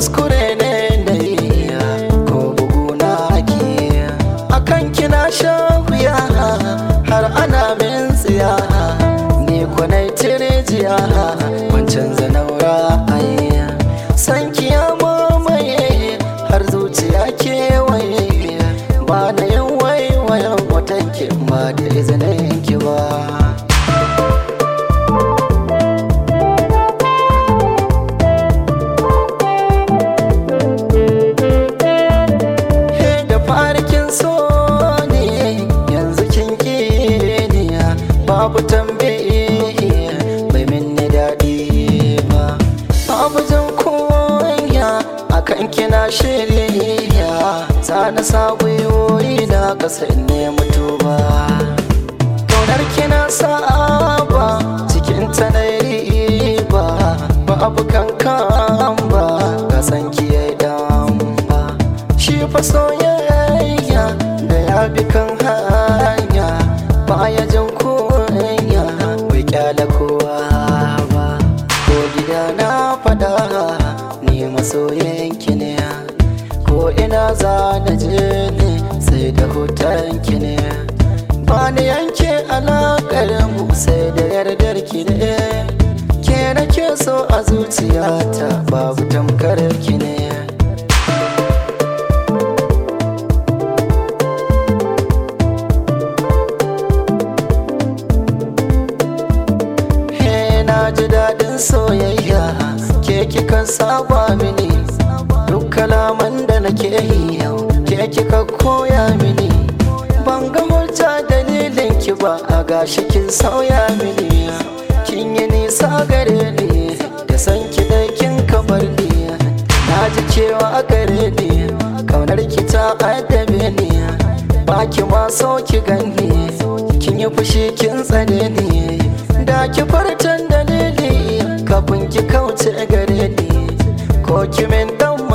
kuskure ne da iya ko bugu na ki akan kina shan wuya har ana min tsiya ni kwanai tirijiya wancan zanaura ayya san kiya mamaye har zuciya kewaye ba na yin waiwayen watan ki ba da izinin shiri ya zana sa gwiwoyi na kasa in nemi tuba kaunar kina sa'aba cikin ta na riba ba abu kankan ba ga san ki yayi dan ba shi faso masoyinki ne ko ina za na je ne sai da hotonki ne ba ni yanke alaƙar mu sai da yardar ki ne ke nake so a zuciyata babu tamkar ki ne ji daɗin soyayya ke kika saba mini duk kalaman da nake yi yau ke kika koya mini ban ga hulta dalilin ki ba a gashi kin sauya mini kin yi nisa gare ni da san ki da kin kamar ni na ji cewa gare ni kaunar ki ta addabe ni ba ki ma so ki ganni kin yi fushi kin tsane ni da ki fartan dalili kafin ki kauce gari.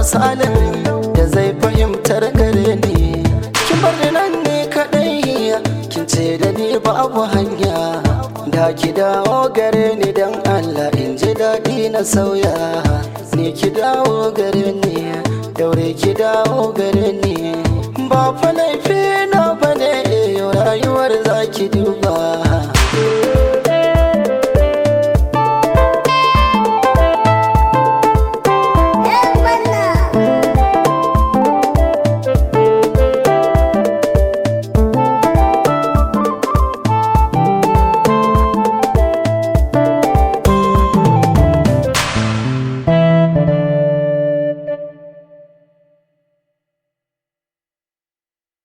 sanin da zai fahimtar gare ni kin bar ni nan ne kadai kin ce da ni babu hanya da ki dawo gare ni dan Allah in ji daɗi na sauya Ne ki dawo gare ni daure ki dawo gare ni ba fa laifi na bane eh, rayuwar zaki duba